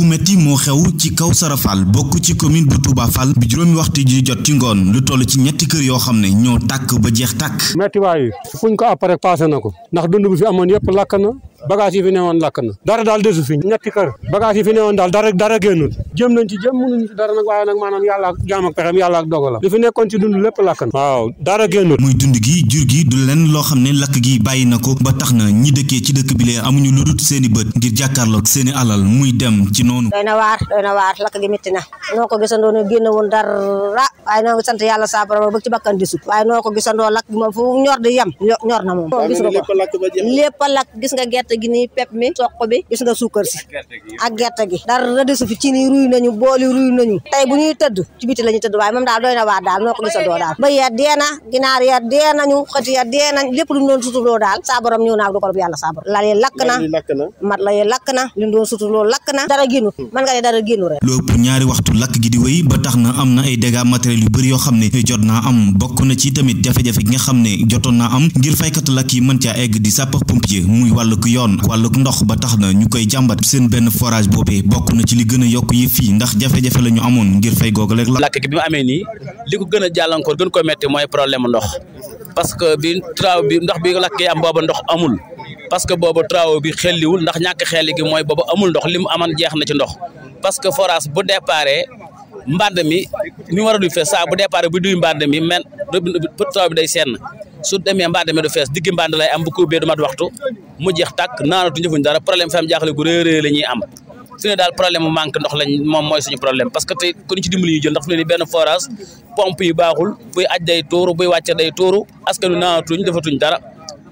gu metti moo xew ci kaw sarafal bokk ci commune bu Touba Fall bi juróomi waxtu ji jot ci ngoon lu toll ci ñetti kër yoo xam ne ñoo tàkk ba jeex tàkk. metti waayu fuñ ko appareil passé na ko ndax dund bi fi amoon yëpp lakk na bagage yi fi newoon lakk na dara daal desu fi ñetti kër bagage yi fi newoon daal dara dara jëm nañ ci jëm mënuñu ci ci dund lépp lakk na muy gi jur gi du lenn loo xam na ba tax na ñi dëkkee ci dëkk bi lu dut seeni bët dem ci noonu doy na waar doy na waar lakk gi métti na noo ko gisandoo ne génn woon dara waaye noo ci bakkan di sut waaye noo ko gisandoo lakk gi moom fu ñor di yem ñor na moom gis nga ko lépp lakk gis nga gerte gerte gi nii pep mi soq gi dara desu fi ci ni ruy nañu booli ruy nañu tey bu ci biti la ñuy tëdd waaye na waar daal noo ko gisandoo daal lépp lu ñu doon suturloo daal saa borom ñëw naak du ko rob yàlla lakk na mat la lakk na li ñu doon suturloo lakk na dara génnu man nga ne dara génnu rek lu ëpp ñaari waxtu lakk gi di wéy ba tax na am na ay dégâts matériels yu bëri yoo xam ne jot naa am bokk na ci tamit jafe-jafe gi nga xam ne jotoon naa am ngir faykat lakk yi man caa egg di sapeur pompier muy wàllu yoon wàlluk ndox ba tax na ñu koy jàmbat seen benn forage boobee bokk na ci li gën a yokk yi fii ndax jafe-jafe la amoon ngir fay googu rek la gi bi mu amee nii li ko gën a jàllankoor gën ko metti mooy problème ndox parce bi travaux bi ndox bi lakkee am booba ndox amul parce booba travaux bi xelliwul ndax ñàkk xelli gi mooy booba amul ndox li mu aman jeex na ci ndox parce que bu déparé mbànd mi mu war a fee saa bu déparé bu duy mbànd mi men su demee mbaa demee du fees diggi mbaand lay am bu ko ubbee du mat waxtu mu jeex tàkk naanatu njëfuñ dara problème fi am jaaxle gu rëy rëy am fi ne daal problème mu manque ndox lañ moom mooy suñu problème parce que tey ku ñu ci dimbali ñu jël ndax fi ni benn forage pompe baaxul buy aj day tuuru buy wàcce day tuuru askanu naanatuñ defatuñ dara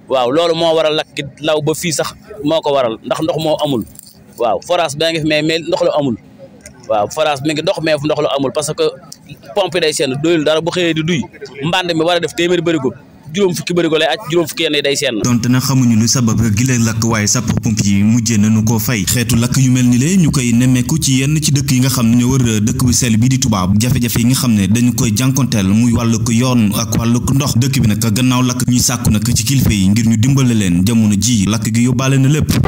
waaw loolu moo waral lakki law ba fii sax moo ko waral ndax ndox moo amul waaw forage baa ngi fi mais mais ndox la amul waw forage mi ngi dox mais ndox la amul parce que pompe yi day seen doyul dara bu xëyee di duy mbànd mi war a def téeméeri bërigo juróom fukki bërigo lay aj juróom fukki yenn day seen donte na xamuñu lu sabab gi la lakk waaye sapeur pompier yi mujjee nañu ko fay xeetu lakk yu mel ni lee ñu koy nemmeeku ci yenn ci dëkk yi nga xam ne ñoo wër dëkk bu sell bii di Touba jafe-jafe yi nga xam ne dañu koy jànkonteel muy wàllu ko yoon ak wàllu ko ndox dëkk bi nag a gannaaw lakk ñuy sàkku nag ci kilifa yi ngir ñu dimbale leen jamono ji lakk gi yóbbaale na lépp